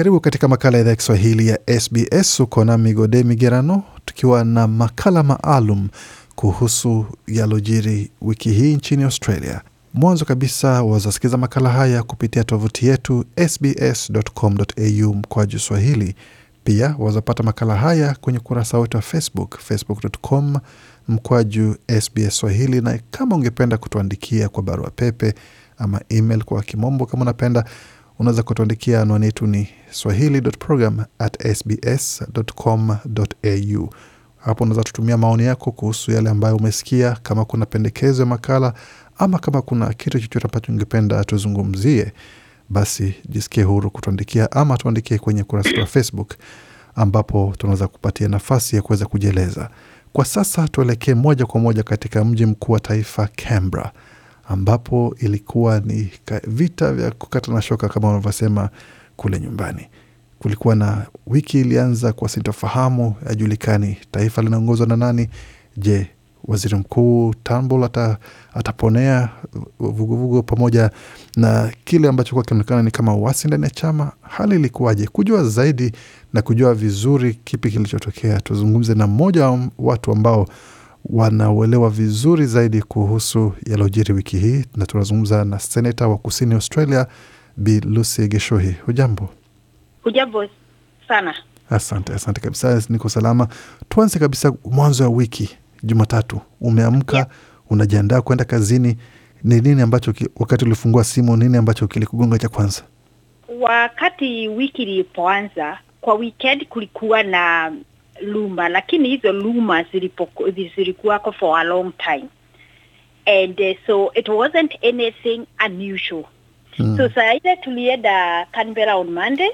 Karibu katika makala ya idhaa ya Kiswahili ya SBS. Uko na Migode Migerano tukiwa na makala maalum kuhusu yalojiri wiki hii nchini Australia. Mwanzo kabisa wazasikiza makala haya kupitia tovuti yetu sbs.com.au mkwaju swahili. Pia wazapata makala haya kwenye ukurasa wetu wa Facebook, facebook.com mkwaju SBS Swahili. Na kama ungependa kutuandikia kwa barua pepe ama email kwa kimombo, kama unapenda unaweza kutuandikia. Anwani yetu ni swahili.program Hapo unaweza tutumia maoni yako kuhusu yale ambayo umesikia, kama kuna pendekezo ya makala ama kama kuna kitu chochote ambacho ungependa tuzungumzie, basi jisikie huru kutuandikia ama tuandikie kwenye kurasa wa Facebook ambapo tunaweza kupatia nafasi ya kuweza kujieleza. Kwa sasa tuelekee moja kwa moja katika mji mkuu wa taifa Canberra ambapo ilikuwa ni vita vya kukata na shoka kama wanavyosema kule nyumbani. Kulikuwa na wiki ilianza kwa sintofahamu, ajulikani taifa linaongozwa na nani. Je, waziri mkuu Turnbull ata, ataponea vuguvugu vugu pamoja na kile ambacho kuwa kinaonekana ni kama uasi ndani ya chama. Hali ilikuwaje? Kujua zaidi na kujua vizuri kipi kilichotokea, tuzungumze na mmoja wa watu ambao wanauelewa vizuri zaidi kuhusu yaliojiri wiki hii, na tunazungumza na seneta wa kusini Australia Bi Lucy Geshuhi. Hujambo? Hujambo sana. Asante, asante kabisa, niko salama. Tuanze kabisa mwanzo wa wiki, Jumatatu umeamka, yeah. unajiandaa kwenda kazini. Ni nini ambacho ki, wakati ulifungua simu, nini ambacho kilikugonga cha kwanza? Wakati wiki ilipoanza, kwa weekend kulikuwa na luma lakini hizo luma This zilikuwako for a long time and uh, so it wasn't anything unusual mm. so saa to tulienda canbera on monday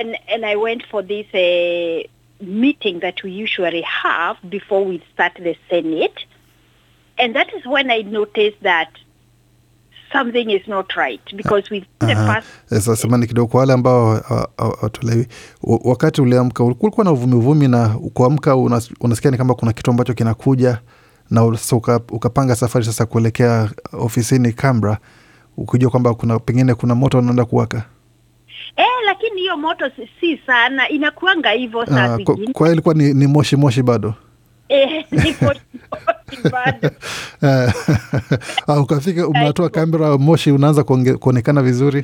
and, and i went for this uh, meeting that we usually have before we start the senate and that is when i noticed that something is not right because past... Eh, samani kidogo kwa wale ambao hawatolewi, wakati uliamka ulikuwa na uvumivumi na kuamka unasikia ni kama kuna kitu ambacho kinakuja na sasa uka, ukapanga safari sasa kuelekea ofisini camra ukijua kwamba kuna pengine kuna moto unaenda kuwaka. E, lakini hiyo moto si, si sana inakuanga hivyo saa ah, Kwa hiyo ilikuwa ni, ni moshi moshi bado E, ukafika mnatoa kamera moshi unaanza kuonekana vizuri.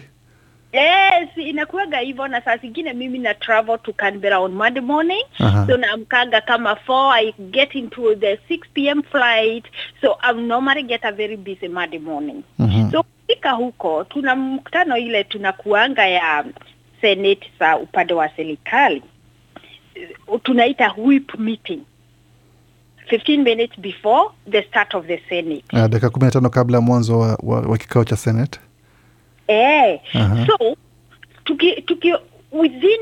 Yes, eh, inakuwaga hivyo na saa zingine mimi na travel to Canberra on Monday morning. Aha. So naamkanga kama 4 I get into the 6 pm flight. So I'm normally get a very busy Monday morning. uh mhm. -huh. So kufika huko tuna mkutano ile tunakuanga ya Senate za upande wa serikali. Tunaita whip meeting. 15 minutes before the start of the Senate. Ah, dakika kumi na tano kabla ya mwanzo wa, wa, wa kikao cha Senate. Eh, uh-huh. So tuki, tuki, within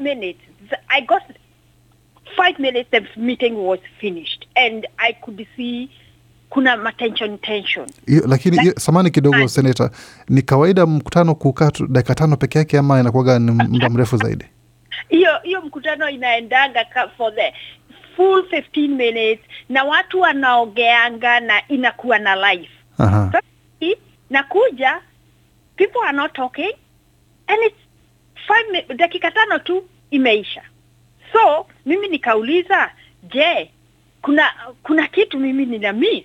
minutes I got minutes the meeting was finished and I could see kuna matension tension. lakini like, samani kidogo and, seneta, ni kawaida mkutano kukaa dakika tano peke yake ama inakuwaga ni muda mrefu zaidi? Hiyo hiyo mkutano inaendaga for the full 15 minutes na watu wanaogeanga na inakuwa na life. uh -huh. So, nakuja people are not talking and it's five, dakika tano tu imeisha. So mimi nikauliza, je, kuna kuna kitu mimi nina miss?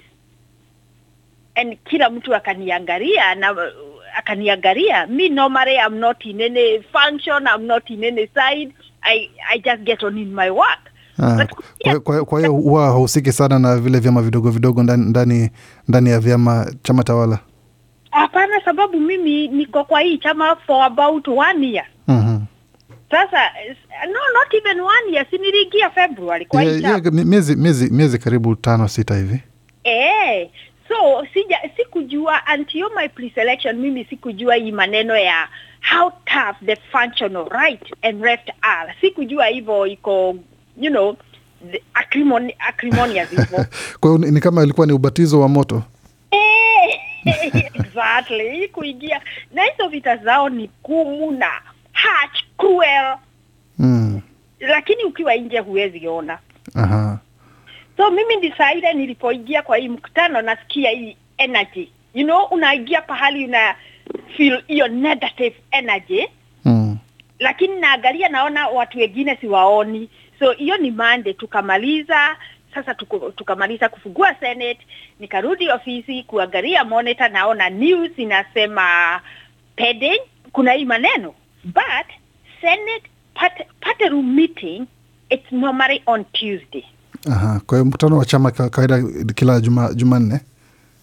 And kila mtu akaniangalia na akaniangalia mi normally I'm not in any function I'm not in any side I, I just get on in my work Ah, kwa hiyo huwa hahusiki sana na vile vyama vidogo vidogo ndani ndani ndani ya vyama chama tawala? Hapana, sababu mimi niko kwa hii chama for about one year. Mm-hmm. Sasa no not even one year, sinirigia February kwa hii chama. Miezi miezi miezi karibu tano sita hivi. Eh, so sija sikujua until my pre-selection, mimi sikujua hii maneno ya how tough the functional right and left are. Sikujua hivyo iko you know, the acrimon, kwa hiyo ni kama ilikuwa ni ubatizo wa moto eh, exactly kuingia na hizo vita zao ni kumu na harsh cruel mm. lakini ukiwa nje huwezi ona Aha. so mimi ndisaile nilipoingia kwa hii mkutano nasikia hii energy you know unaingia pahali una feel hiyo negative energy mm. lakini naangalia naona watu wengine siwaoni So hiyo ni mande tukamaliza sasa tuku, tukamaliza kufungua Senate, nikarudi ofisi kuangalia monitor, naona news inasema pending, kuna hii maneno but Senate part, part room meeting it's normally on Tuesday. Aha, kwa hiyo mkutano wa chama kawaida kila Jumanne juma Jumanne.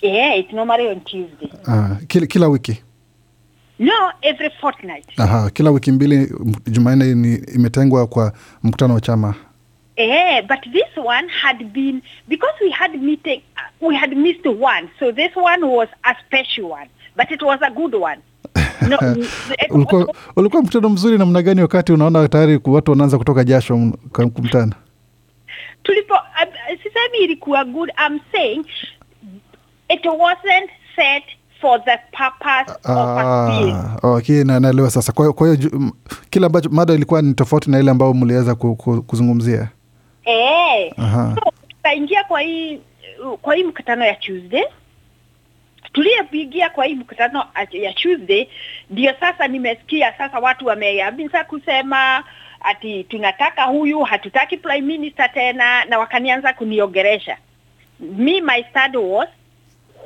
Yeah, it's normally on Tuesday. Aha, kila, kila wiki No, every fortnight. Aha, kila wiki mbili Jumanne ni imetengwa kwa mkutano wa chama. Eh, but this one had been because we had meeting we had missed one. So this one was a special one, but it was a good one. No, ulikuwa, mkutano mzuri namna gani wakati unaona tayari watu wanaanza kutoka jasho kumtana? Tulipo uh, sisemi ilikuwa good. I'm saying it wasn't set for the purpose of ah, Okay, naelewa sasa. Kwa hiyo ambacho mada ilikuwa ni tofauti na ile ambayo mliweza kuzungumzia. Eh. So tukaingia kwa hii kwa hii mkutano ya Tuesday tuliyepigia kwa hii mkutano ya Tuesday ndio sasa nimesikia sasa watu wameambiza kusema ati tunataka huyu, hatutaki prime minister tena, na wakanianza kuniongeresha. Me my stand was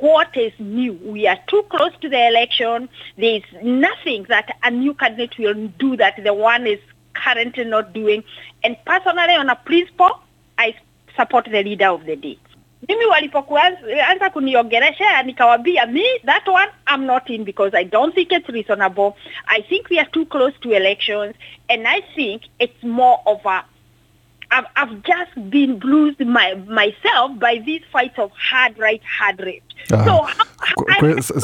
what is new? We are too close to the election. There is nothing that a new candidate will do that the one is currently not doing. And personally, on a principle, I support the leader of the day. Mimi walipoanza kuniongeresha nikawambia me that one I'm not in because I don't think it's reasonable. I think we are too close to elections and I think it's more of a I've, I've just been bruised my, myself by this fight of hard right hard right. Ah.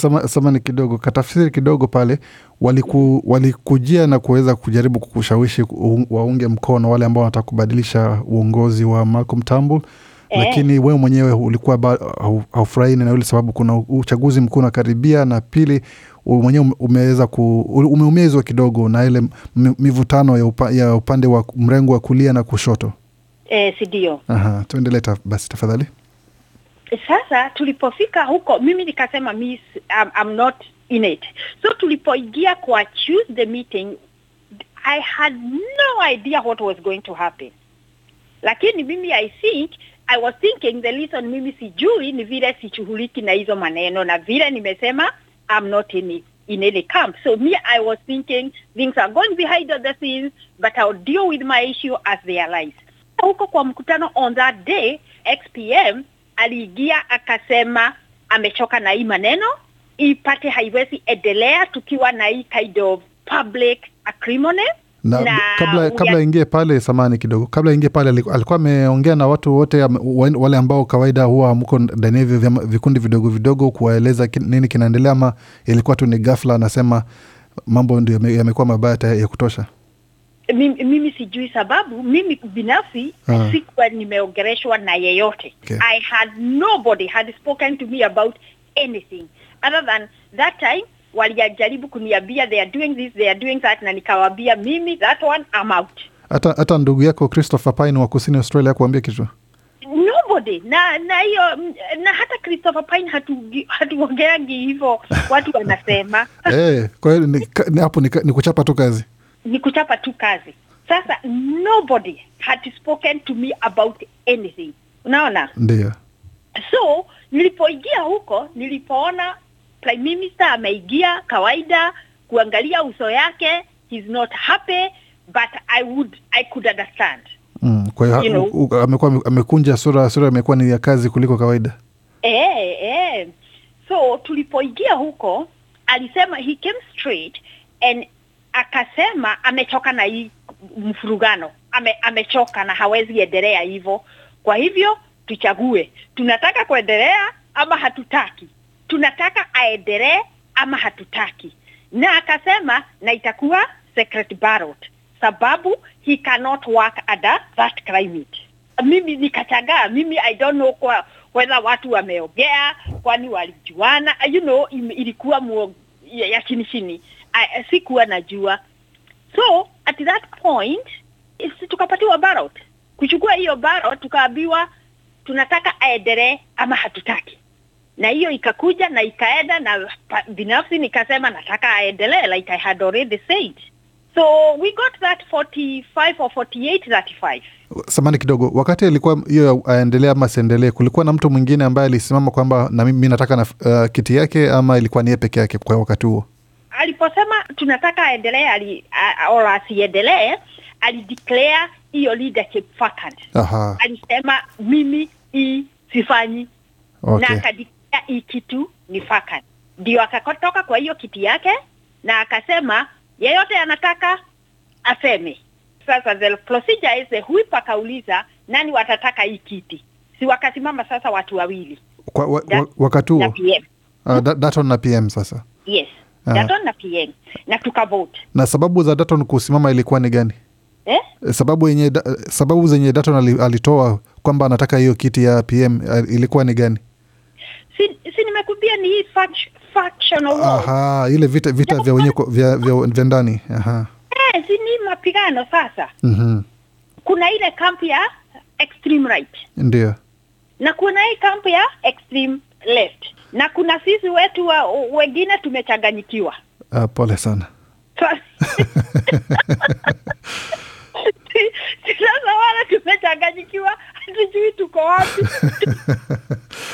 So, samani kidogo katafsiri kidogo pale waliku, walikujia na kuweza kujaribu kukushawishi waunge mkono wale ambao wanataka kubadilisha uongozi wa Malcolm Turnbull eh. Lakini wewe mwenyewe ulikuwa haufurahini na ile sababu kuna uchaguzi mkuu unakaribia, na pili mwenyewe umeweza ku, umeumezwa kidogo na ile mivutano ya, upa, ya upande wa mrengo wa kulia na kushoto e, si ndio? Tuendelee basi tafadhali. Eh, sasa tulipofika huko, mimi nikasema miss, I'm, I'm not in it. So tulipoingia kwa Tuesday meeting I had no idea what was going to happen, lakini mimi I think I was thinking the reason mimi sijui ni vile sichughuliki na hizo maneno na vile nimesema I'm not in it in any camp. So me, I was thinking things are going behind the scenes, but I'll deal with my issue as they arise. Huko kwa mkutano on that day, XPM aliingia akasema amechoka na hii maneno, ipate haiwezi endelea tukiwa na hii kind of public acrimony na, na kabla, kabla ingie pale, samani kidogo, kabla ingie pale, alikuwa ameongea na watu wote wale ambao kawaida huwa mko ndani hivyo vikundi vidogo vidogo, kuwaeleza nini kinaendelea, ama ilikuwa tu ni ghafla, anasema mambo ndio yamekuwa mabaya ya kutosha? Mimi, mimi sijui sababu mimi binafsi ah. sikuwa nimeongereshwa na yeyote okay. I had nobody had spoken to me about anything other than that time walijaribu kuniambia they are doing this, they are doing that, na nikawaambia mimi that one I'm out. Hata hata ndugu yako Christopher Pine wa kusini Australia kuambia kitu nobody na na hiyo na hata Christopher Pine hatuongeangi hatu hivyo watu wanasema hey, eh, kwa hiyo ni hapo ni, ni kuchapa tu kazi ni kuchapa tu kazi sasa nobody had spoken to me about anything unaona ndio so nilipoingia huko nilipoona prime minister ameigia kawaida kuangalia uso yake, he's not happy but I would I could understand mm. Kwa hiyo you know, amekuwa amekunja sura, sura imekuwa ni ya kazi kuliko kawaida eh, eh. So tulipoigia huko alisema he came straight and akasema amechoka na hii mfurugano ame, amechoka na hawezi endelea hivyo. Kwa hivyo tuchague, tunataka kuendelea ama hatutaki tunataka aendelee ama hatutaki. Na akasema na itakuwa secret ballot, sababu he cannot work under that climate. Mimi nikachagaa, mimi I don't know kwa whether watu wameogea, kwani walijuana, you know, im, ilikuwa muo, ya ya chini chini, sikuwa najua. So at that point si tukapatiwa ballot, kuchukua hiyo ballot, tukaambiwa tunataka aendelee ama hatutaki na hiyo ikakuja na ikaenda na binafsi nikasema nataka aendelee like I had already said so we got that 45 or 48 samani kidogo wakati alikuwa hiyo aendelee ama asiendelee kulikuwa na mtu mwingine ambaye alisimama kwamba na mimi nataka na uh, kiti yake ama ilikuwa niye peke yake kwa wakati huo aliposema tunataka aendelee ali, or asiendelee alideclare hiyo leadership vacant alisema mimi hii sifanyi okay. na akadi hii kitu ni fakan, Ndio akatoka kwa hiyo kiti yake na akasema yeyote anataka aseme. Sasa the procedure is huip akauliza nani watataka hii kiti, si wakasimama sasa watu wawili kwa, wa, wa, wakati huo uh, Daton na PM sasa yes uh, Daton na PM na tukavote. Na sababu za Daton kusimama ilikuwa ni gani? Eh? Sababu yenye sababu zenye Daton alitoa kwamba anataka hiyo kiti ya PM eh, ilikuwa ni gani? si, si nimekuambia ni hii fact, factional war. Aha, ile vita vita vya wenyewe vya vya, vya ndani. Aha. Eh, si ni mapigano sasa. mm -hmm. kuna ile kampu ya extreme right. Ndio. Na kuna hii kampu ya extreme left. Na kuna sisi wetu wa, wengine tumechanganyikiwa. Uh, pole sana. sasa tumechanganyikiwa, hatujui tuko wapi,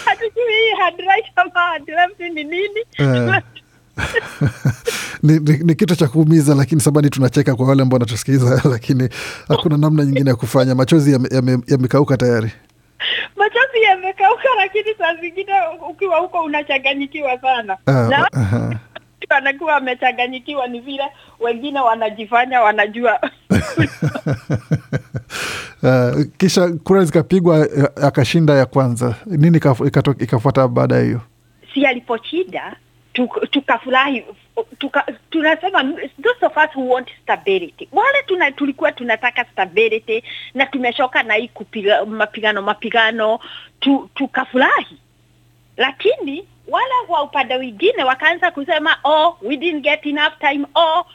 hatujui hii ama ni nini eh. ni, ni, ni kitu cha kuumiza, lakini sabani tunacheka kwa wale ambao wanatusikiliza, lakini hakuna namna nyingine ya kufanya. Machozi yamekauka ya, ya tayari machozi yamekauka, lakini saa zingine ukiwa huko unachanganyikiwa sana uh, na, uh, uh, wanakuwa wamechanganyikiwa, ni vile wengine wanajifanya wanajua Uh, kisha kura zikapigwa eh, akashinda ya kwanza. Nini ikafuata baada ya hiyo? Si aliposhinda tukafurahi, tuka, tunasema those of us who want stability, wale tuna, tulikuwa tunataka stability na tumeshoka na hii kupiga mapigano mapigano, tukafurahi, lakini wala kwa upande wengine wakaanza kusema oh, we didn't get enough time oh,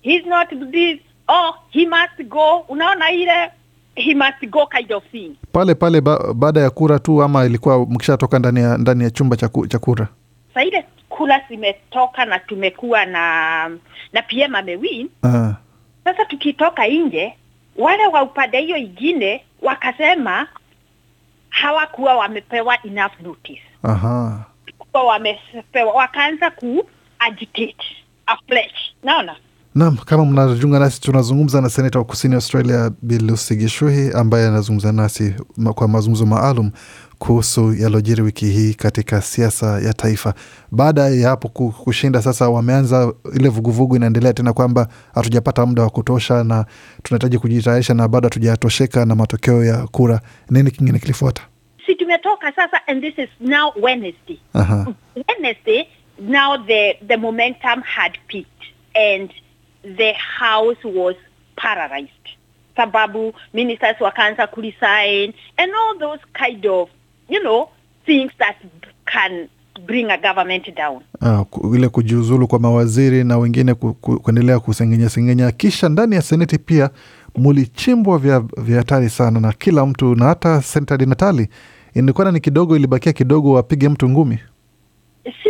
he's not this oh, he must go. Unaona ile he must go kind of thing pale pale ba, baada ya kura tu, ama ilikuwa mkishatoka ndani ya ndani ya chumba cha kura? Sa ile kura zimetoka na tumekuwa na na PM amewin. Uh, ah. -huh. sasa tukitoka nje wale wa upande hiyo ingine wakasema hawakuwa wamepewa enough notice. Aha. Uh -huh watakuwa wamepewa wakaanza ku agitate afresh. Naona nam kama mnajunga nasi, tunazungumza na seneta wa kusini Australia Bilusi Gishuhi ambaye anazungumza nasi kwa mazungumzo maalum kuhusu yaliojiri wiki hii katika siasa ya taifa. Baada ya hapo kushinda, sasa wameanza ile vuguvugu, inaendelea tena kwamba hatujapata muda wa kutosha na tunahitaji kujitayarisha, na bado hatujatosheka na matokeo ya kura. Nini kingine kilifuata? si tumetoka sasa and this is now Wednesday. Uh-huh. Wednesday now the the momentum had peaked and the house was paralyzed sababu ministers wakaanza kuresign and all those kind of you know things that can bring a government down. Ah, ile kujiuzulu kwa mawaziri na wengine kuendelea kusengenya sengenya, kisha ndani ya seneti pia mulichimbwa vya hatari sana na kila mtu na hata senta dinatali inikwana ni kidogo, ilibakia kidogo wapige mtu ngumi, si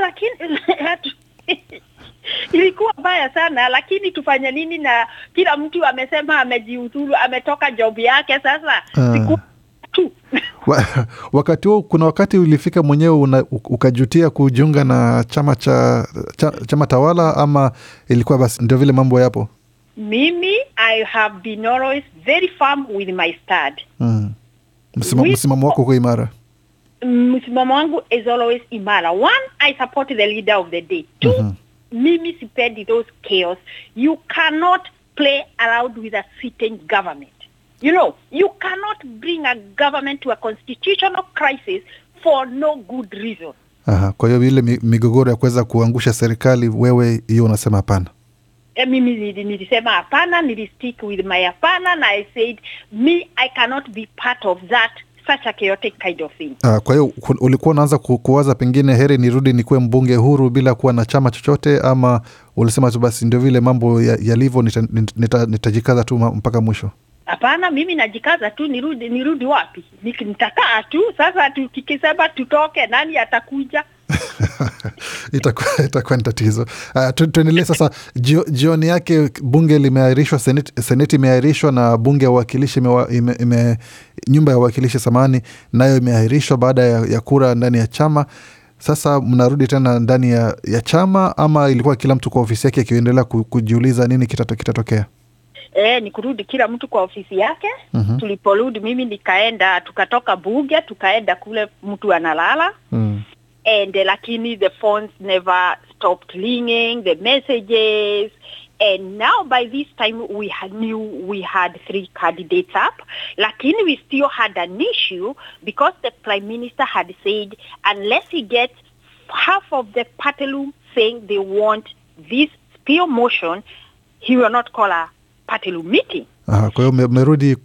Lakini ilikuwa mbaya sana, lakini tufanye nini? Na kila mtu amesema amejiuzuru, ametoka job yake. Sasa ah. wakati huo, kuna wakati ulifika mwenyewe ukajutia kujiunga na chama cha, cha chama tawala, ama ilikuwa basi ndio vile mambo yapo? Mimi I have been always very firm with my mm msimamo wako uko imara msimamo wangu is always imara one i support the leader of the day two mhm. mimi sipendi those chaos you cannot play around with a sitting government you know you cannot bring a government to a constitutional crisis for no good reason Aha, kwa hiyo ile migogoro ya kuweza kuangusha serikali wewe hiyo unasema hapana Eh, mimi nilisema hapana, nilistick with my hapana, na I said me I cannot be part of that such a chaotic kind of thing. ah, kwa hiyo ulikuwa unaanza kuwaza pengine heri nirudi nikuwe mbunge huru bila kuwa na chama chochote, ama ulisema tu basi ndio vile mambo yalivyo, ya nitajikaza nita, nita tu mpaka mwisho? Hapana, mimi najikaza tu, nirudi nirudi wapi? Nitakaa tu sasa, tukikisema tutoke, nani atakuja? itakua ni tatizo. Uh, tuendelee sasa. jioni yake bunge limeairishwa, seneti, seneti imeairishwa na bunge ya uwakilishi ime, ime, nyumba ya uwakilishi samani nayo imeairishwa baada ya, ya kura ndani ya chama. Sasa mnarudi tena ndani ya, ya chama ama ilikuwa kila mtu kwa ofisi yake akiendelea kujiuliza nini kitatokea E, ni kurudi kila mtu kwa ofisi yake. mm-hmm. Tuliporudi mimi nikaenda, tukatoka buge tukaenda kule mtu analala. mm and eh, lakini the phones never stopped ringing, the messages. And now by this time we had knew we had three candidates up, lakini we still had an issue because the prime minister had said unless he gets half of the Patalu saying they want this spill motion, he will not call a Patalu meeting. Ah, kwa hiyo merudi eh,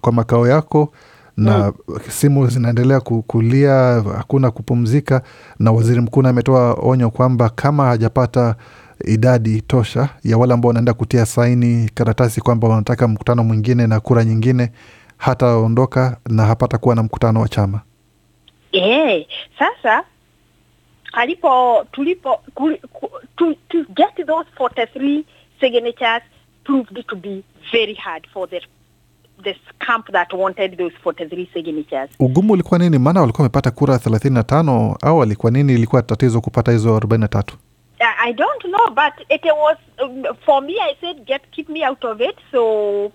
kwa makao yako na mm. simu zinaendelea kulia, hakuna kupumzika, na waziri mkuu ametoa onyo kwamba kama hajapata idadi tosha ya wale ambao wanaenda kutia saini karatasi kwamba wanataka mkutano mwingine na kura nyingine, hataondoka na hapata kuwa na mkutano wa chama. E, sasa alipo tulipo kul, kul, to, to get those 43 signatures proved to be very hard for the this camp that wanted those 43 signatures. Ugumu ulikuwa nini? Maana walikuwa wamepata kura 35 au alikuwa nini? Ilikuwa tatizo kupata hizo 43? I don't know but it was um, for me I said get keep me out of it so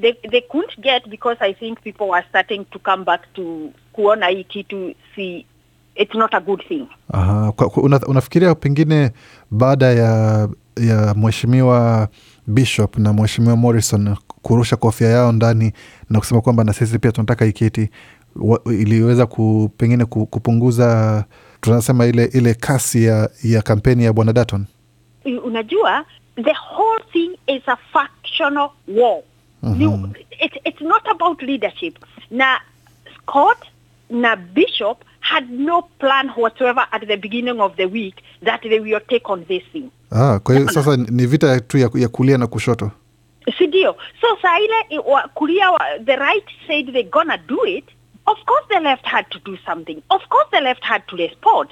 they, they couldn't get because I think people were starting to come back to kuona hii kitu si it's not a good thing. Aha, una, unafikiria pengine baada ya ya mheshimiwa Bishop na mheshimiwa Morrison kurusha kofia yao ndani na kusema kwamba na sisi pia tunataka iketi iliweza ku, pengine kupunguza tunasema ile ile kasi ya, ya kampeni ya bwana Daton. Unajua, the whole thing is a factional war. Mm-hmm. It, it's not about leadership. Na Scott na Bishop had no plan whatsoever at the beginning of the week that they will take on this thing. Ah, kwa hiyo sasa ni vita tu ya, ya kulia na kushoto si ndio? So saa ile kulia wa, the right said they gonna do it, of course the left had to do something, of course the left had to respond.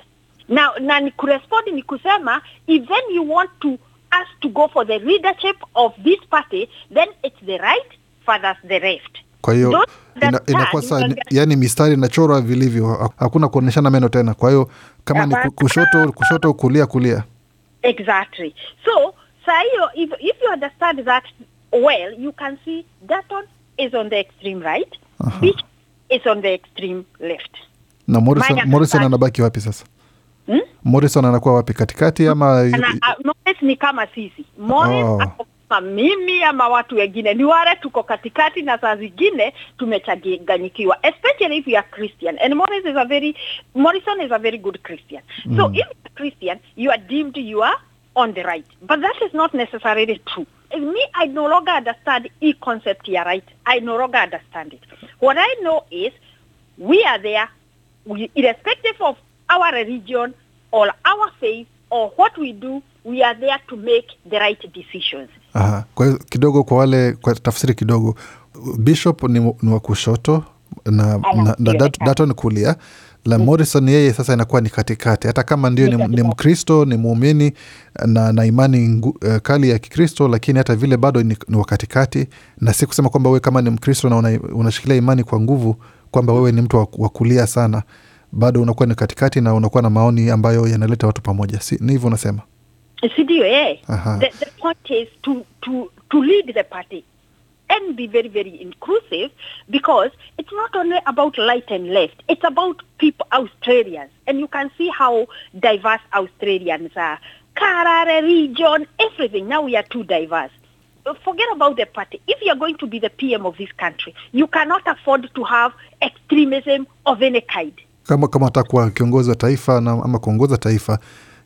Na, na ni kurespond ni kusema if then you want to us to go for the leadership of this party then it's the right fathers the left. Kwa hiyo inakuwa saa yani mistari inachorwa vilivyo, hakuna kuonyeshana meno tena. Kwa hiyo kama ni kushoto kushoto, kulia kulia. Exactly. So saa hiyo if, if you understand that well, you can see Dutton is on the extreme right, uh-huh. is on the extreme left. Na Morrison, Morrison anabaki wapi sasa? Hmm? Morrison anakuwa wapi katikati ama Ana, uh, Morris ni kama sisi. Morris oh. Ama mimi ama watu wengine ni wale tuko katikati na saa zingine tumechaganyikiwa especially if you are Christian and Morris is a very Morrison is a very good Christian. So mm. if you are Christian you are deemed you are on the right. But that is not necessarily true me, I no longer understand e-concept here, right? I no longer understand it. What I know is we are there, we, irrespective of our religion or our faith or what we do, we are there to make the right decisions. Aha. Kwa kidogo kwa wale kwa tafsiri kidogo, bishop ni, ni wa kushoto na, na, na, na Daton kulia la Morrison yeye sasa inakuwa ni katikati, hata kama ndio ni, ni Mkristo ni muumini na, na imani ngu, uh, kali ya Kikristo, lakini hata vile bado ni, ni wakatikati, na si kusema kwamba wewe kama ni Mkristo na una, unashikilia imani kwa nguvu kwamba wewe ni mtu wa kulia sana, bado unakuwa ni katikati na unakuwa na maoni ambayo yanaleta watu pamoja. Si, ni hivyo unasema, si Eh, the, the is to, to, to lead the party and be very, very inclusive because it's not only about light and left, it's about people, Australians. And you can see how diverse Australians are. Karare region, everything. Now we are too diverse. Forget about the party. If you're going to be the PM of this country, you cannot afford to have extremism of any kind. Kama kama atakuwa kiongozi wa taifa na, ama kuongoza taifa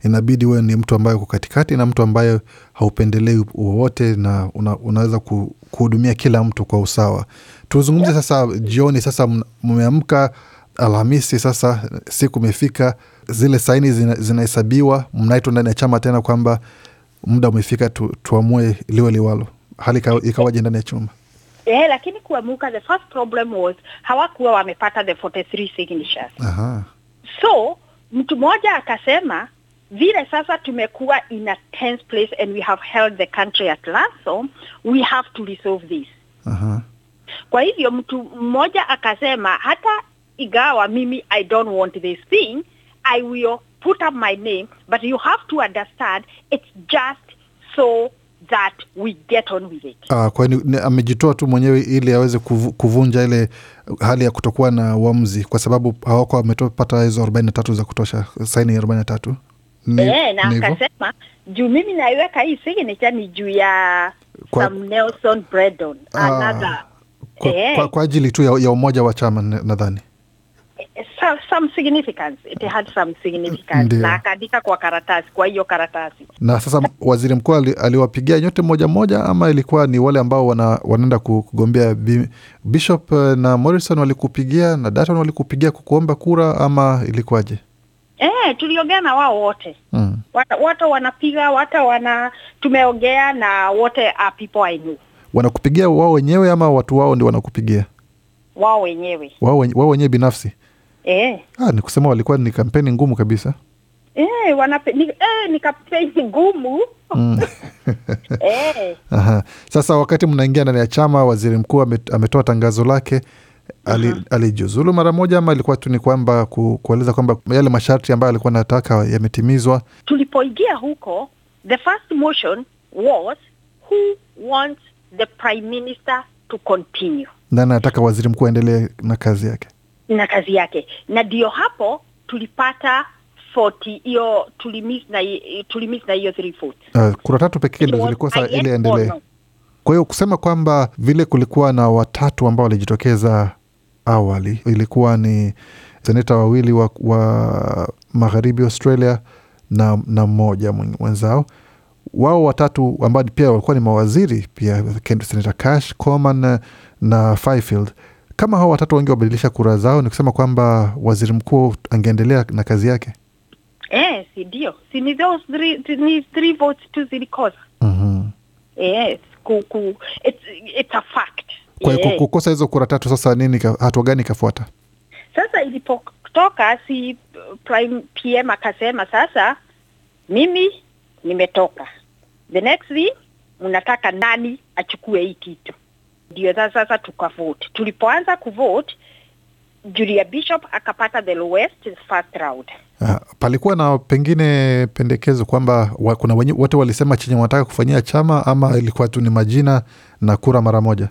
inabidi wewe ni mtu ambaye uko katikati na mtu ambaye haupendelei wowote na una, unaweza ku, kuhudumia kila mtu kwa usawa. Tuzungumze yeah. sasa jioni, sasa mmeamka Alhamisi, sasa siku imefika, zile saini zinahesabiwa, zina mnaitwa ndani ya chama tena kwamba muda umefika, tu, tuamue liwe liwalo. Hali ikawaje ndani ya chumba? Eh, lakini kuamuka, the first problem was hawakuwa wamepata the 43 signatures. Aha. So mtu mmoja akasema vile sasa tumekuwa in a tense place and we have held the country at last so we have to resolve this. Uh-huh. Kwa hivyo mtu mmoja akasema hata igawa mimi I don't want this thing, I will put up my name, but you have to understand it's just so that we get on with it. uh, ah, kwani amejitoa tu mwenyewe ili aweze kuvu, kuvunja ile hali ya kutokuwa na uamzi kwa sababu hawako wamepata hizo arobaini na tatu za kutosha, saini arobaini na tatu ni, e, na akasema juu mimi naiweka hii signature ni juu ya kwa, Sam Nelson Bredon ah, another kwa, e, kwa, eh. kwa ajili tu ya, ya umoja wa chama nadhani eh, some, some significance it had some significance Ndiyo. na akaandika kwa karatasi kwa hiyo karatasi na sasa waziri mkuu ali, aliwapigia nyote moja moja ama ilikuwa ni wale ambao wana, wanaenda kugombea bishop na morrison walikupigia na Dutton walikupigia kukuomba kura ama ilikuwaje Eh, tuliongea na wao wote mm. Wata, wata wanapiga wata wana tumeongea na wote uh, people I Wanakupigia wao wenyewe ama watu wao ndio wanakupigia? Wao wenyewe, wao wenyewe binafsi eh. Ah, ni kusema walikuwa ni kampeni ngumu kabisa eh, wanape, ni, eh, ni kampeni ngumu mm. eh. Aha. Sasa wakati mnaingia ndani ya chama, waziri mkuu ametoa tangazo lake ali, alijiuzulu mara moja ama ilikuwa tu ni kwamba kueleza kwamba yale masharti ambayo alikuwa anataka yametimizwa? Tulipoingia huko, the first motion was who wants the prime minister to continue, na anataka waziri mkuu aendelee na kazi yake na kazi yake, na ndio hapo tulipata hiyo tulimis na tulimiss hiyo Uh, kura tatu pekee ndio zilikosa ili endelee. Kwa hiyo kusema kwamba vile kulikuwa na watatu ambao walijitokeza awali. Ilikuwa ni seneta wawili wa, wa magharibi Australia na, na mmoja mwenzao wao watatu ambao pia walikuwa ni mawaziri pia, senata Cash, Coleman eh, na Fifield. Kama hao watatu wengi wabadilisha kura zao, ni kusema kwamba waziri mkuu angeendelea na kazi yake. Eh, ndio? Si ni ni three votes tu zilikosa. mm -hmm. Yes, ku, ku, it's, it's a fact kwa hiyo eh. kukosa hizo kura tatu, sasa nini, hatua gani ikafuata? Sasa ilipotoka, si prime PM akasema sasa, mimi nimetoka, the next week mnataka nani achukue hii kitu? Ndio sasa tukavote. Tulipoanza kuvote Julia Bishop akapata the lowest first round. Ah, palikuwa na pengine pendekezo kwamba kuna wote walisema chenye wanataka kufanyia chama ama ilikuwa tu ni majina na kura mara moja?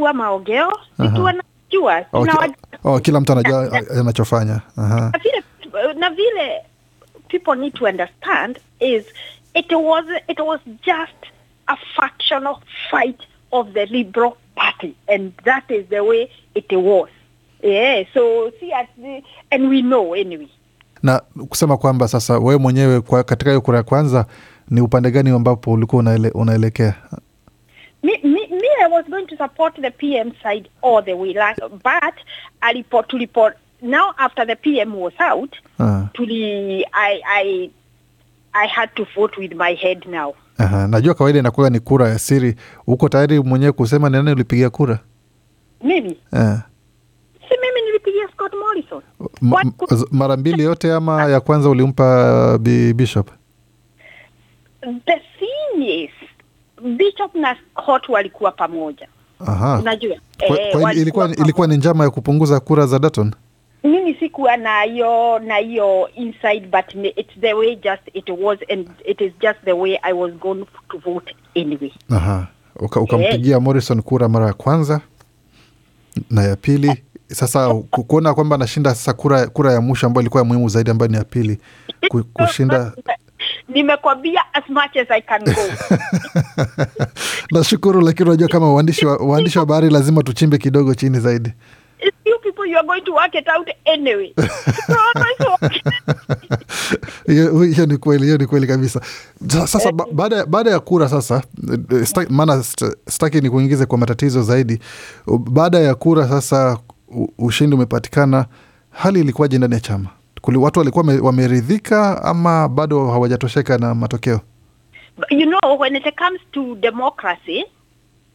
kuwa maogeo tukiwa na oh, oh, kila mtu anajua anachofanya na vile people need to understand is it was it was just a factional fight of the liberal party and that is the way it was yeah so see at the, and we know anyway na kusema kwamba sasa wewe mwenyewe kwa katika hiyo kura ya kwanza ni upande gani ambapo ulikuwa unaele, unaelekea Me, me, me, I was going to support the PM side all the way, like, but I to report now after the PM was out, uh. huh to the, I, I, I had to vote with my head now. Aha, najua kawaida inakuwa ni kura ya siri. Uko tayari mwenyewe kusema ni nani ulipigia kura? Mimi yeah. si mimi nilipigia Scott Morrison ma, mara mbili yote ama ah. ya kwanza ulimpa uh, B Bishop? The thing is, Bishop na Scott walikuwa pamoja. Aha. Unajua kwa, e, kwa eh, ilikuwa, ilikuwa ni njama ya kupunguza kura za Dutton. Mimi sikuwa na hiyo na hiyo inside but it's the way just it was and it is just the way I was going to vote anyway. Aha. Uka, ukampigia e, Morrison kura mara ya kwanza na ya pili. Sasa kuona kwamba anashinda sasa kura, kura ya mwisho ambayo ilikuwa ya muhimu zaidi ambayo ni ya pili kushinda nimekwambia as much as I can go. Nashukuru, lakini unajua kama waandishi wa, habari lazima tuchimbe kidogo chini zaidi. Hiyo ni kweli, hiyo ni kweli kabisa. Sasa baada ya kura sasa, eh, maana sitaki ni kuingize kwa matatizo zaidi. Baada ya kura sasa, ushindi umepatikana, hali ilikuwaje ndani ya chama? Kuli watu walikuwa wameridhika ama bado hawajatosheka na matokeo? You know, when it comes to democracy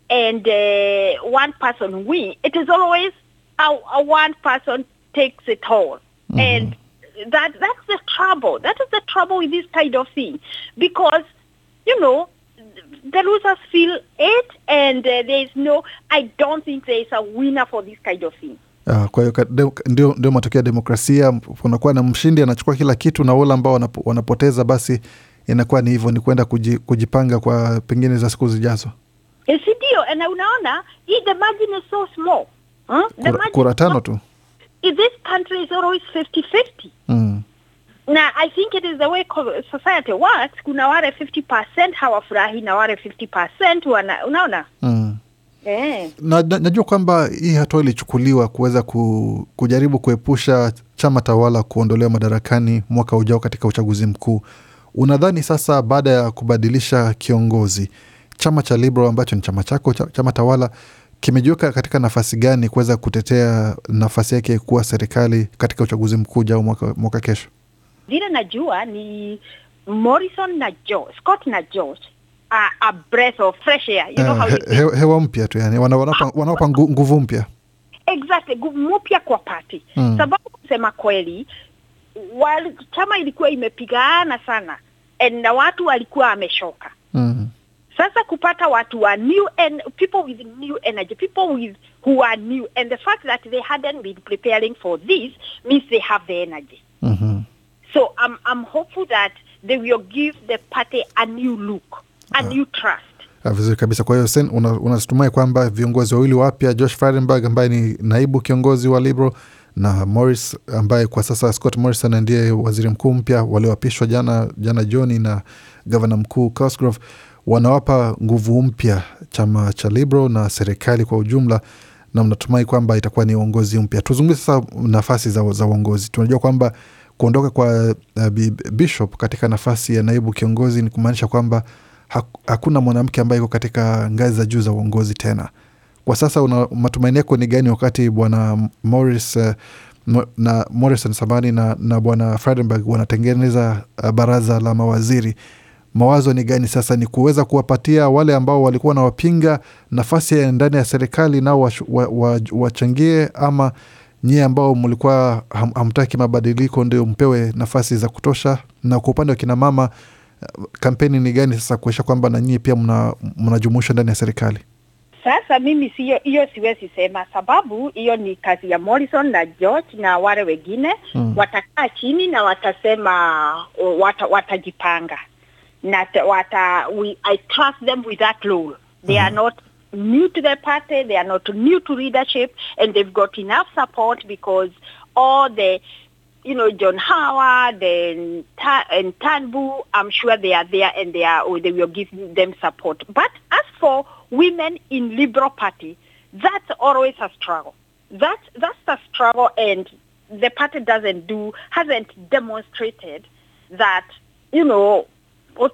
and uh, one person win, it is always a, a one person takes it all. Mm-hmm. And that that's the trouble. That is the trouble with this kind of thing because you know the losers feel it, and uh, there is no. I don't think there is a winner for this kind of thing. Uh, kwa hiyo ndio, ndio matokeo ya demokrasia. Unakuwa na mshindi anachukua kila kitu na wale ambao wanapoteza basi inakuwa ni hivyo, ni kuji, kujipanga kwa pengine za siku zijazo, eh, si ndio? Eh, na unaona hii the margin is so small huh? Hmm? kura tano tu this country is always 50-50 mm. na I think it is the way society works. Kuna wale 50% hawafurahi na wale 50% wana, unaona mm najua eh. Na, na, najua kwamba hii hatua ilichukuliwa kuweza ku, kujaribu kuepusha chama tawala kuondolewa madarakani mwaka ujao katika uchaguzi mkuu. Unadhani sasa baada ya kubadilisha kiongozi, chama cha Liberal ambacho ni chama chako, chama tawala kimejiweka katika nafasi gani kuweza kutetea nafasi yake kuwa serikali katika uchaguzi mkuu ujao mwaka, mwaka kesho? Vile najua ni Morrison na Joe, Scott na George a, a breath of fresh air you know eh, how it is. hewa mpya tu yani ah, wanawapa wanawapa nguvu mpya exactly mpya kwa party mm. sababu kusema kweli wali, chama ilikuwa imepigana sana and na watu walikuwa wameshoka mm. sasa kupata watu wa new and people with new energy people with who are new and the fact that they hadn't been preparing for this means they have the energy mm-hmm. so I'm, I'm hopeful that they will give the party a new look a new ah. trust. Ah, vizuri kabisa. Kwa hiyo unatumai una kwamba viongozi wawili wapya Josh Frydenberg ambaye ni naibu kiongozi wa Liberal na Morris ambaye kwa sasa Scott Morrison ndiye waziri mkuu mpya walioapishwa jana jana jioni na gavana mkuu Cosgrove, wanawapa nguvu mpya chama cha Liberal na serikali kwa ujumla, na mnatumai kwamba itakuwa ni uongozi mpya. Tuzungumze sasa nafasi za, za uongozi. Tunajua kwamba kuondoka kwa uh, Bishop katika nafasi ya naibu kiongozi ni kumaanisha kwamba hakuna mwanamke ambaye iko katika ngazi za juu za uongozi tena. Kwa sasa una matumaini yako ni gani wakati bwana Morris eh, na Morrison samani na, na bwana Frydenberg wanatengeneza eh, baraza la mawaziri? Mawazo ni gani sasa? Ni kuweza kuwapatia wale ambao walikuwa wanawapinga nafasi ya ndani ya serikali nao wachangie wa, wa, wa ama nyie ambao mlikuwa hamtaki mabadiliko ndio mpewe nafasi za kutosha. Na kwa upande wa kinamama kampeni ni gani sasa kuesha kwamba na nyie pia mnajumuishwa mna ndani ya serikali? Sasa mimi siyo hiyo, siwezi sema sababu hiyo ni kazi ya Morrison na George na wale wengine hmm. Watakaa chini na watasema wata, watajipanga na wata, we, I trust them with that role they are hmm. not new to the party they are not new to leadership and they've got enough support because all the you know, John Howard and, and Turnbull, I'm sure they are there and they are, or they will give them support. But as for women in Liberal Party, that's always a struggle. That, that's a struggle and the party doesn't do, hasn't demonstrated that, you know, uh,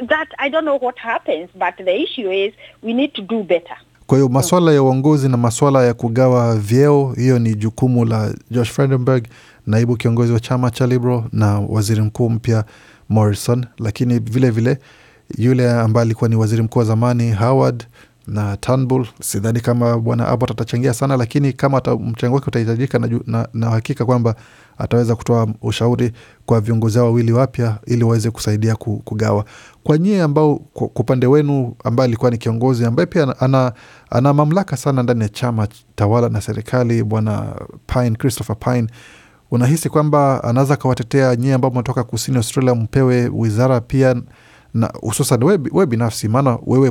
that I don't know what happens, but the issue is we need to do better. Kwa hiyo maswala ya uongozi na maswala ya kugawa vyeo, hiyo ni jukumu la Josh Frydenberg naibu kiongozi wa chama cha Liberal na waziri mkuu mpya Morrison, lakini vilevile vile, yule ambaye alikuwa ni waziri mkuu wa zamani Howard na Turnbull. Sidhani kama bwana Abbott atachangia sana, lakini kama mchango wake utahitajika, na, na, na hakika kwamba ataweza kutoa ushauri kwa viongozi hao wawili wapya ili waweze kusaidia kugawa. Kwa nyie ambao kwa upande wenu, ambaye alikuwa ni kiongozi ambaye pia ana, ana mamlaka sana ndani ya chama tawala na serikali, bwana Pine, Christopher Pine unahisi kwamba anaweza akawatetea nyie ambao mnatoka kusini Australia, mpewe wizara pia na hususan wewe binafsi, maana wewe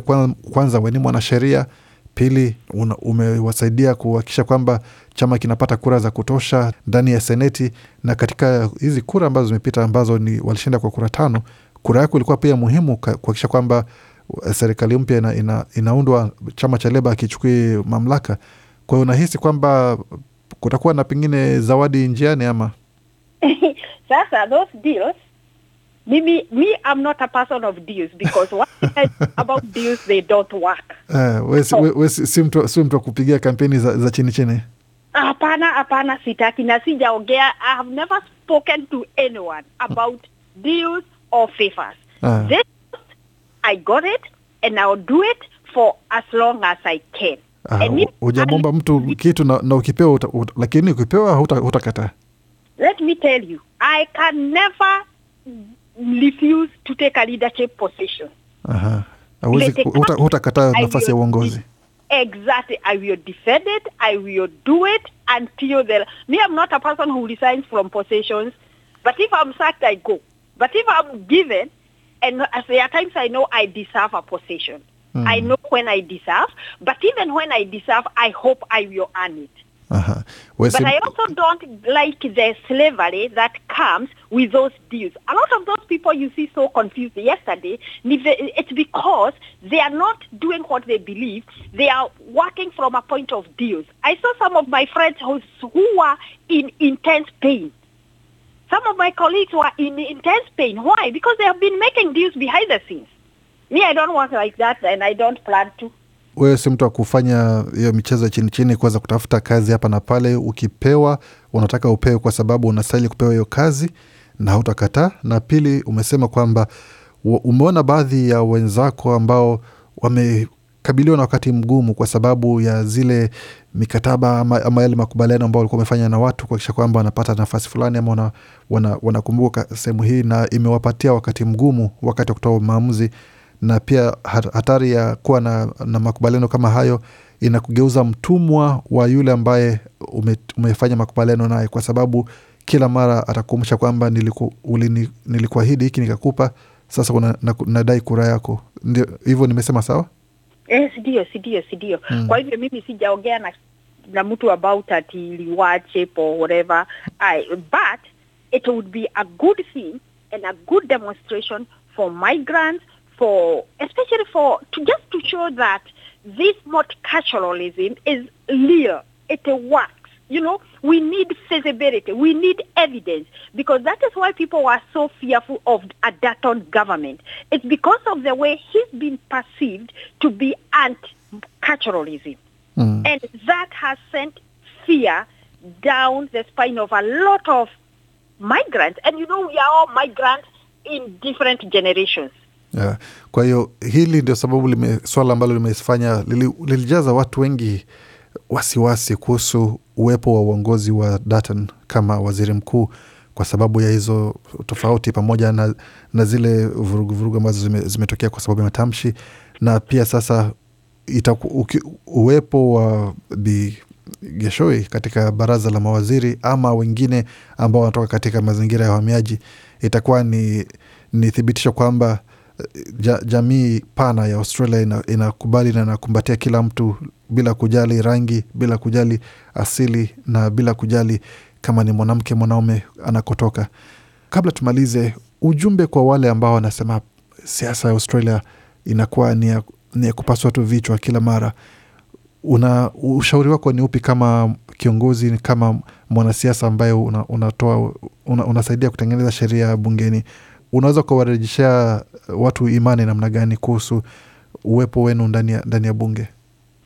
kwanza we ni mwanasheria, pili una, umewasaidia kuhakikisha kwamba chama kinapata kura za kutosha ndani ya seneti, na katika hizi kura ambazo zimepita ambazo ni walishinda kwa kura tano, kura yako ilikuwa pia muhimu kuhakikisha kwamba eh, serikali mpya ina, ina, inaundwa, chama cha Leba akichukui mamlaka. Kwa hiyo unahisi kwamba kutakuwa na pengine zawadi njiani ama sasa those deals mimi me i'm not a person of deals because what about deals they don't work uh, si mtu wa kupigia kampeni za, za chini chini hapana hapana sitaki na sijaongea i have never spoken to anyone about deals or favors uh. Ah. this i got it and i'll do it for as long as i can Ah, eh, hujamwomba mtu kitu na, na ukipewa uta, uta, lakini ukipewa hutakataa. Let me tell you, I can never refuse to take a leadership position. Hutakataa nafasi ya uongozi. Exactly. I will defend it. I will do it until the... Me, I'm not a person who resigns from positions. But if I'm sacked, I go. But if I'm given, and there are times I know I deserve a position. Mm. I know when I deserve, but even when I deserve, I hope I will earn it. Uh-huh. Well, but so I also don't like the slavery that comes with those deals. A lot of those people you see so confused yesterday, it's because they are not doing what they believe. They are working from a point of deals. I saw some of my friends who, who were in intense pain. Some of my colleagues were in intense pain. Why? Because they have been making deals behind the scenes. Me, I don't work like that and I don't plan to. Wewe si mtu wa kufanya hiyo michezo chini chini, kuweza kutafuta kazi hapa na pale. Ukipewa unataka upewe kwa sababu unastahili kupewa hiyo kazi na hautakataa. Na pili, umesema kwamba umeona baadhi ya wenzako ambao wamekabiliwa na wakati mgumu kwa sababu ya zile mikataba ama, ama yale makubaliano ambao walikuwa wamefanya na watu kuakisha kwamba wanapata nafasi fulani ama wanakumbuka wana, wana sehemu hii, na imewapatia wakati mgumu wakati wa kutoa maamuzi na pia hatari ya kuwa na, na makubaliano kama hayo inakugeuza mtumwa wa yule ambaye ume, umefanya makubaliano naye, kwa sababu kila mara atakuumsha kwamba niliku, nilikuahidi hiki nikakupa, sasa una, na, nadai kura yako. Ndio hivyo, nimesema sawa? Eh, sidio, sidio, sidio. Mm. Kwa hivyo mimi sijaongea na, na mtu about ati liwache or whatever I, but it would be a good thing and a good demonstration for migrants for, especially for, to just to show that this multiculturalism is real. It works. You know, we need feasibility. We need evidence because that is why people are so fearful of Dutton government. It's because of the way he's been perceived to be anti-culturalism. Mm. And that has sent fear down the spine of a lot of migrants. And you know, we are all migrants in different generations. Yeah. Kwa hiyo hili ndio sababu lime, swala ambalo limefanya lili, lilijaza watu wengi wasiwasi kuhusu uwepo wa uongozi wa Dutton kama waziri mkuu kwa sababu ya hizo tofauti pamoja na, na zile vuruguvurugu ambazo zimetokea zime, zime kwa sababu ya matamshi na pia sasa itaku, uki, uwepo wa Bi Geshoi katika baraza la mawaziri ama wengine ambao wanatoka katika mazingira ya uhamiaji itakuwa ni, ni thibitisho kwamba ja, jamii pana ya Australia inakubali ina na inakumbatia kila mtu bila kujali rangi, bila kujali asili na bila kujali kama ni mwanamke mwanaume anakotoka. Kabla tumalize, ujumbe kwa wale ambao wanasema siasa ya Australia inakuwa ni ya, ni ya kupaswa tu vichwa kila mara, una ushauri wako ni upi kama kiongozi, kama mwanasiasa ambaye unatoa una, una, unasaidia kutengeneza sheria bungeni? unaweza ukawarejeshea watu imani namna gani kuhusu uwepo wenu ndani ya bunge?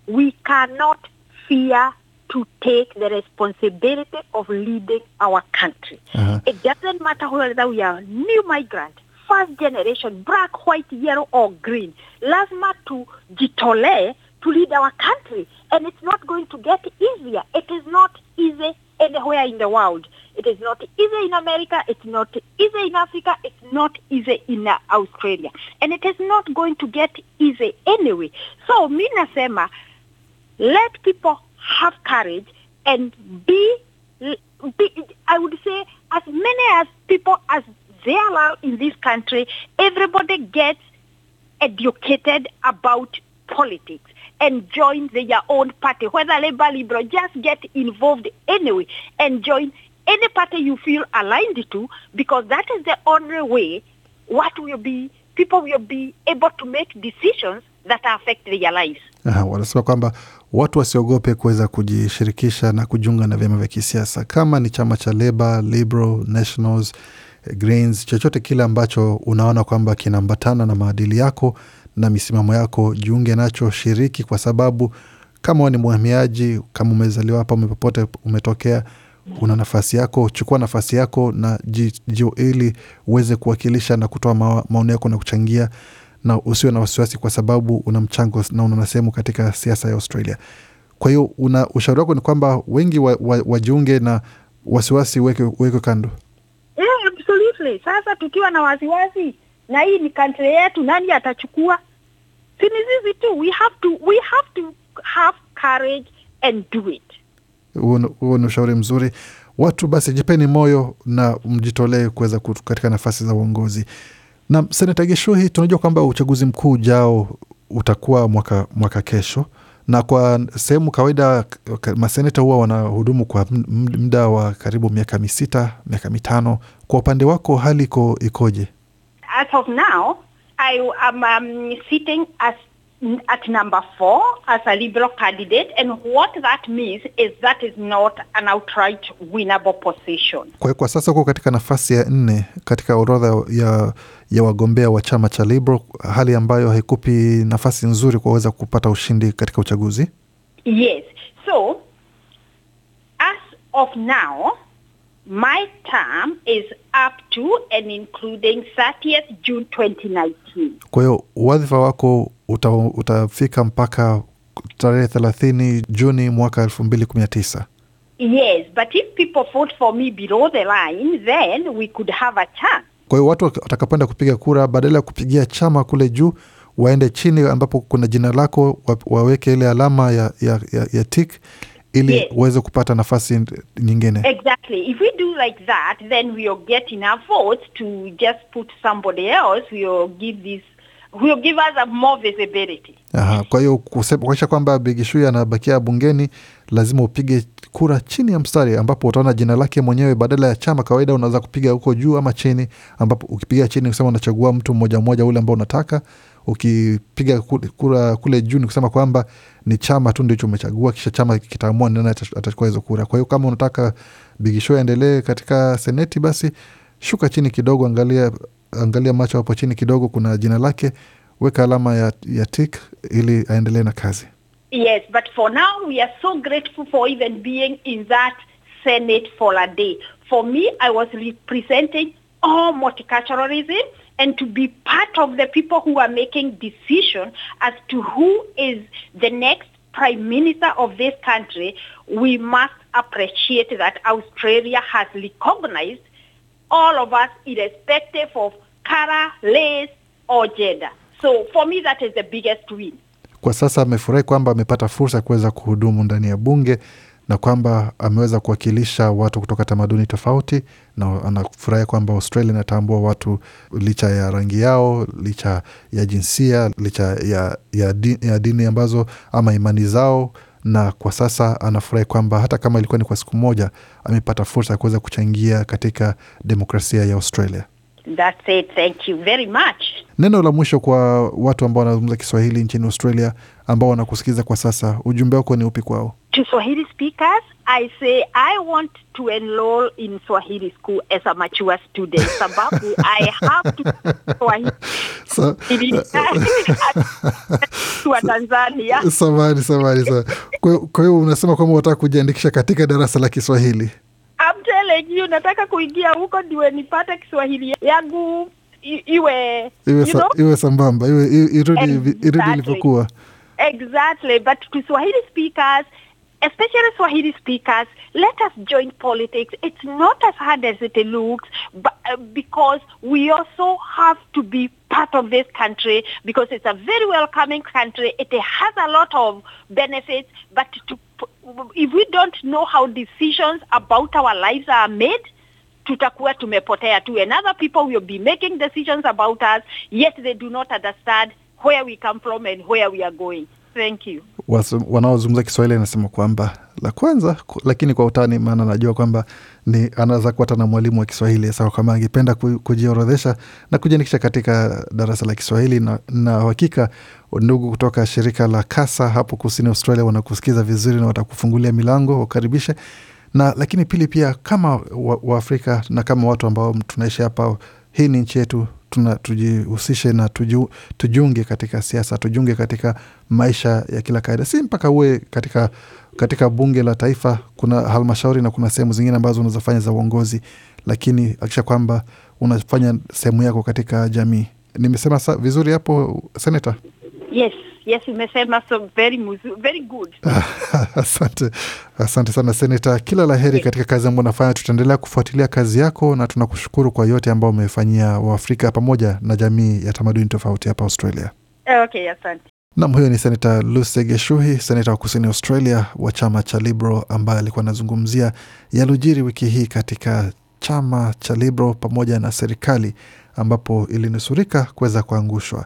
We cannot fear to take the responsibility of leading our country. Uh-huh. It doesn't matter whether we are new migrant, first generation, black, white, yellow or green. Lazima tujitolee to lead our country and it's not going to get easier. It is not easy anywhere in the world. It is not easy in America. It's not easy in Africa. It's not easy in uh, Australia. And it is not going to get easy anyway. So Mina nasema, let people have courage and be, be I would say, as many as people as they allow in this country, everybody gets educated about politics. and join their own party, whether Labour, Liberal, just get involved anyway and join any party you feel aligned to because that is the only way what will be people will be able to make decisions that affect their lives. Aha, wanasema kwamba watu wasiogope kuweza kujishirikisha na kujiunga na vyama vya kisiasa kama ni chama cha Labour, Liberal, Nationals, eh, Greens, chochote kile ambacho unaona kwamba kinaambatana na maadili yako na misimamo yako, jiunge nacho, shiriki, kwa sababu kama ni mhamiaji, kama umezaliwa hapa, popote umetokea, una nafasi yako, chukua nafasi yako na jio, ili uweze kuwakilisha na kutoa maoni yako na kuchangia, na usiwe na wasiwasi, kwa sababu una mchango na una sehemu katika siasa ya Australia. Kwa hiyo ushauri wako ni kwamba wengi wajiunge wa, wa na wasiwasi uwekwe kando. Yeah, absolutely. Sasa tukiwa na wasiwasi na hii ni kantri yetu, nani atachukua sinizizi tu we have to, we have to have courage and do it huo ni ushauri mzuri watu basi jipeni moyo na mjitolee kuweza katika nafasi za uongozi na senata geshuhi tunajua kwamba uchaguzi mkuu ujao utakuwa mwaka, mwaka kesho na kwa sehemu kawaida maseneta huwa wanahudumu kwa muda wa karibu miaka misita miaka mitano kwa upande wako hali iko ikoje as of now I am um, um, sitting as at number four as a Liberal candidate and what that means is that is not an outright winnable position. Kwa, kwa sasa uko katika nafasi ya nne katika orodha ya, ya wagombea wa chama cha Liberal, hali ambayo haikupi nafasi nzuri kuweza kupata ushindi katika uchaguzi. Yes. So, as of now My term is up to and including 30th June 2019. Kwa hiyo wadhifa wako uta, utafika mpaka tarehe 30 Juni mwaka 2019. Yes, but if people vote for me below the line, then we could have a chance. Kwa hiyo watu watakapenda kupiga kura, badala ya kupigia chama kule juu, waende chini ambapo kuna jina lako, waweke ile alama ya, ya, ya, ya tick ili yes. kupata nafasi nyingine exactly if we do like that then we'll get enough votes to just put somebody else we'll give this will give us a more visibility. Aha, kwa hiyo kuonyesha kwamba Bigishui anabakia bungeni, lazima upige kura chini ya mstari ambapo utaona jina lake mwenyewe badala ya chama. Kawaida unaweza kupiga huko juu ama chini, ambapo ukipiga chini kusema unachagua mtu mmoja mmoja ule ambao unataka ukipiga kura kule juu ni kusema kwamba ni chama tu ndicho umechagua, kisha chama kitaamua nani atachukua hizo kura. Kwa hiyo kama unataka Bigisho aendelee katika seneti, basi shuka chini kidogo, angalia angalia macho hapo chini kidogo, kuna jina lake, weka alama ya, ya tick ili aendelee na kazi. Yes, but for now we are so grateful for even being in that Senate for a day. For me, I was representing all multiculturalism and to be part of the people who are making decision as to who is the next prime minister of this country, we must appreciate that Australia has recognized all of us, irrespective of color, race or gender. So for me that is the biggest win. Kwa sasa amefurahi kwamba amepata fursa ya kuweza kuhudumu ndani ya bunge na kwamba ameweza kuwakilisha watu kutoka tamaduni tofauti, na anafurahi kwamba Australia inatambua watu licha ya rangi yao, licha ya jinsia, licha ya, ya, di, ya dini ambazo ama imani zao na kwa sasa anafurahi kwamba hata kama ilikuwa ni kwa siku moja, amepata fursa ya kuweza kuchangia katika demokrasia ya Australia. That's it. Thank you very much. Neno la mwisho kwa watu ambao wanazungumza Kiswahili nchini Australia, ambao wanakusikiza kwa sasa, ujumbe wako ni upi kwao? to Swahili speakers, I say I want to enroll in Swahili school as a mature student sababu I have to Swahili so, wa Tanzania. Samahani, samahani Kwa hiyo unasema kwamba unataka kujiandikisha katika darasa la Kiswahili? I'm telling you, nataka kuingia huko ndiwe nipate Kiswahili yangu iwe iwe, you know? iwe sambamba iwe irudi exactly. ilivyokuwa exactly but to Swahili speakers especially Swahili speakers, let us join politics. It's not as hard as it looks, but, uh, because we also have to be part of this country because it's a very welcoming country. It has a lot of benefits, but to, if we don't know how decisions about our lives are made, tutakuwa tumepotea tu and other people will be making decisions about us yet they do not understand where we come from and where we are going Wanaozungumza Kiswahili anasema kwamba la kwanza, lakini kwa utani, maana najua kwamba ni anaweza kuwa na mwalimu wa Kiswahili sasa, kama angependa kujiorodhesha na kujiandikisha katika darasa la Kiswahili. Na, na hakika ndugu kutoka shirika la Kasa hapo kusini Australia wanakusikiza vizuri na watakufungulia milango wakaribishe. Na lakini pili pia kama Waafrika wa na kama watu ambao tunaishi hapa, hii ni nchi yetu tujihusishe na tuju, tujiunge katika siasa, tujiunge katika maisha ya kila kawaida, si mpaka uwe katika katika bunge la taifa. Kuna halmashauri na kuna sehemu zingine ambazo unazofanya za uongozi, lakini hakikisha kwamba unafanya sehemu yako katika jamii. Nimesema vizuri hapo, Senata? Yes. Yes, umesema so very very good. Asante, asante sana Seneta, kila la heri katika kazi ambayo unafanya. Tutaendelea kufuatilia kazi yako na tunakushukuru kwa yote ambayo umefanyia Waafrika pamoja na jamii ya tamaduni tofauti hapa Australia. Eh, okay, asante. Nam, huyo ni Seneta Lusege geshuhi seneta wa kusini Australia wa chama cha Liberal, ambaye alikuwa anazungumzia yalojiri wiki hii katika chama cha Liberal pamoja na serikali ambapo ilinusurika kuweza kuangushwa.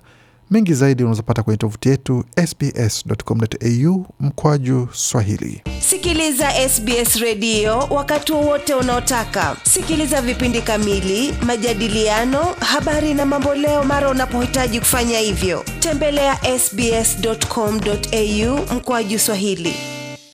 Mengi zaidi unazopata kwenye tovuti yetu sbs.com.au mkwaju Swahili. Sikiliza SBS redio wakati wowote unaotaka. Sikiliza vipindi kamili, majadiliano, habari na mamboleo mara unapohitaji kufanya hivyo. Tembelea sbs.com.au mkwaju Swahili.